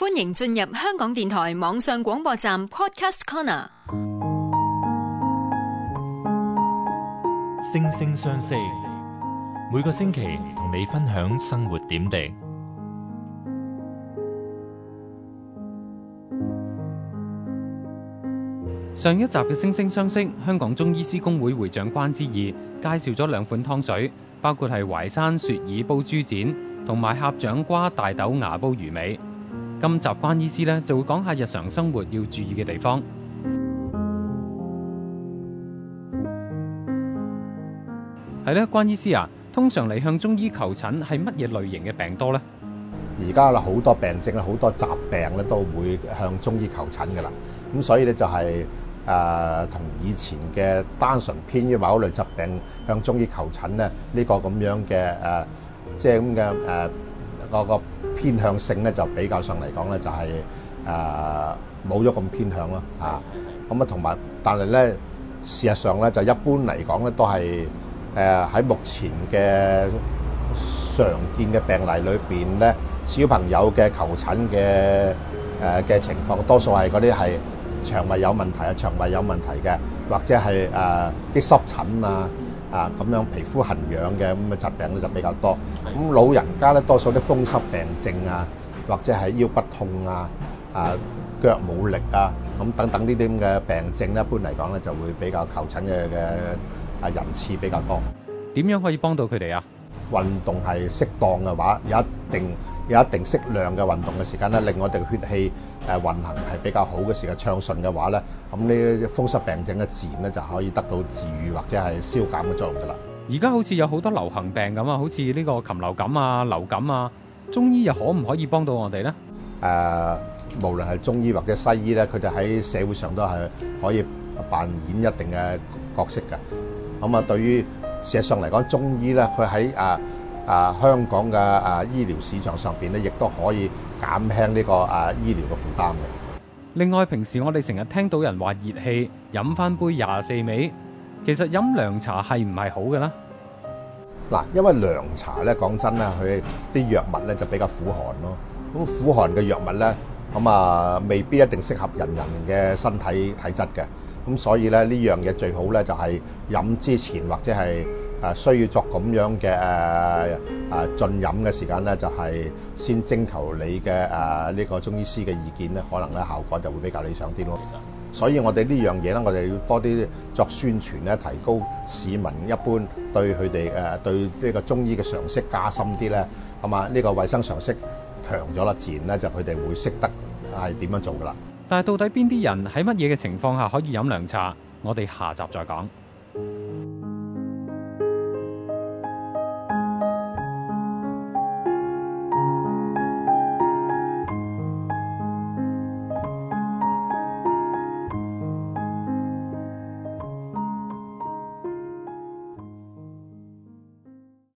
歡迎進入香港電台網上廣播站 Podcast Corner。星聲相識，每個星期同你分享生活點滴。上一集嘅星聲相識，香港中醫師公會會長關之義介紹咗兩款湯水，包括係淮山雪耳煲豬展，同埋合掌瓜大豆芽煲魚尾。今集關醫師咧，就會講一下日常生活要注意嘅地方。係咧，關醫師啊，通常嚟向中醫求診係乜嘢類型嘅病多咧？而家啦，好多病症咧，好多疾病咧，都會向中醫求診嘅啦。咁所以咧、就是，就係誒同以前嘅單純偏於某類疾病向中醫求診咧，呢、這個咁樣嘅誒、呃，即係咁嘅誒。呃個個偏向性咧，就比較上嚟講咧，就係誒冇咗咁偏向咯嚇，咁啊同埋，但係咧事實上咧，就一般嚟講咧，都係誒喺目前嘅常見嘅病例裏邊咧，小朋友嘅求診嘅誒嘅情況多數係嗰啲係腸胃有問題啊，腸胃有問題嘅或者係誒啲濕疹啊。啊，咁樣皮膚痕癢嘅咁嘅疾病咧就比較多。咁老人家咧多數啲風濕病症啊，或者係腰骨痛啊、啊腳冇力啊，咁、啊、等等呢啲咁嘅病症，一般嚟講咧就會比較求診嘅嘅啊人次比較多。點樣可以幫到佢哋啊？運動係適當嘅話，有一定。有一定適量嘅運動嘅時間咧，令我哋嘅血氣誒運行係比較好嘅時間暢順嘅話咧，咁呢啲風濕病症嘅自然咧就可以得到治癒或者係消減嘅作用噶啦。而家好似有好多流行病咁啊，好似呢個禽流感啊、流感啊，中醫又可唔可以幫到我哋咧？誒、呃，無論係中醫或者西醫咧，佢就喺社會上都係可以扮演一定嘅角色㗎。咁、呃、啊、呃，對於事實上嚟講，中醫咧，佢喺啊～、呃啊，香港嘅啊醫療市場上邊咧，亦都可以減輕呢個啊醫療嘅負擔嘅。另外，平時我哋成日聽到人話熱氣飲翻杯廿四味，其實飲涼茶係唔係好嘅呢？嗱，因為涼茶咧，講真啦，佢啲藥物咧就比較苦寒咯。咁苦寒嘅藥物咧，咁啊未必一定適合人人嘅身體體質嘅。咁所以咧呢樣嘢最好咧就係飲之前或者係，誒需要作咁樣嘅誒誒進飲嘅時間咧，就係先徵求你嘅誒呢個中醫師嘅意見咧，可能咧效果就會比較理想啲咯。所以我哋呢樣嘢咧，我哋要多啲作宣傳咧，提高市民一般對佢哋誒對呢個中醫嘅常識加深啲咧，咁啊呢個衛生常識強咗啦，自然咧就佢哋會識得係點樣做噶啦。但係到底邊啲人喺乜嘢嘅情況下可以飲涼茶？我哋下集再講。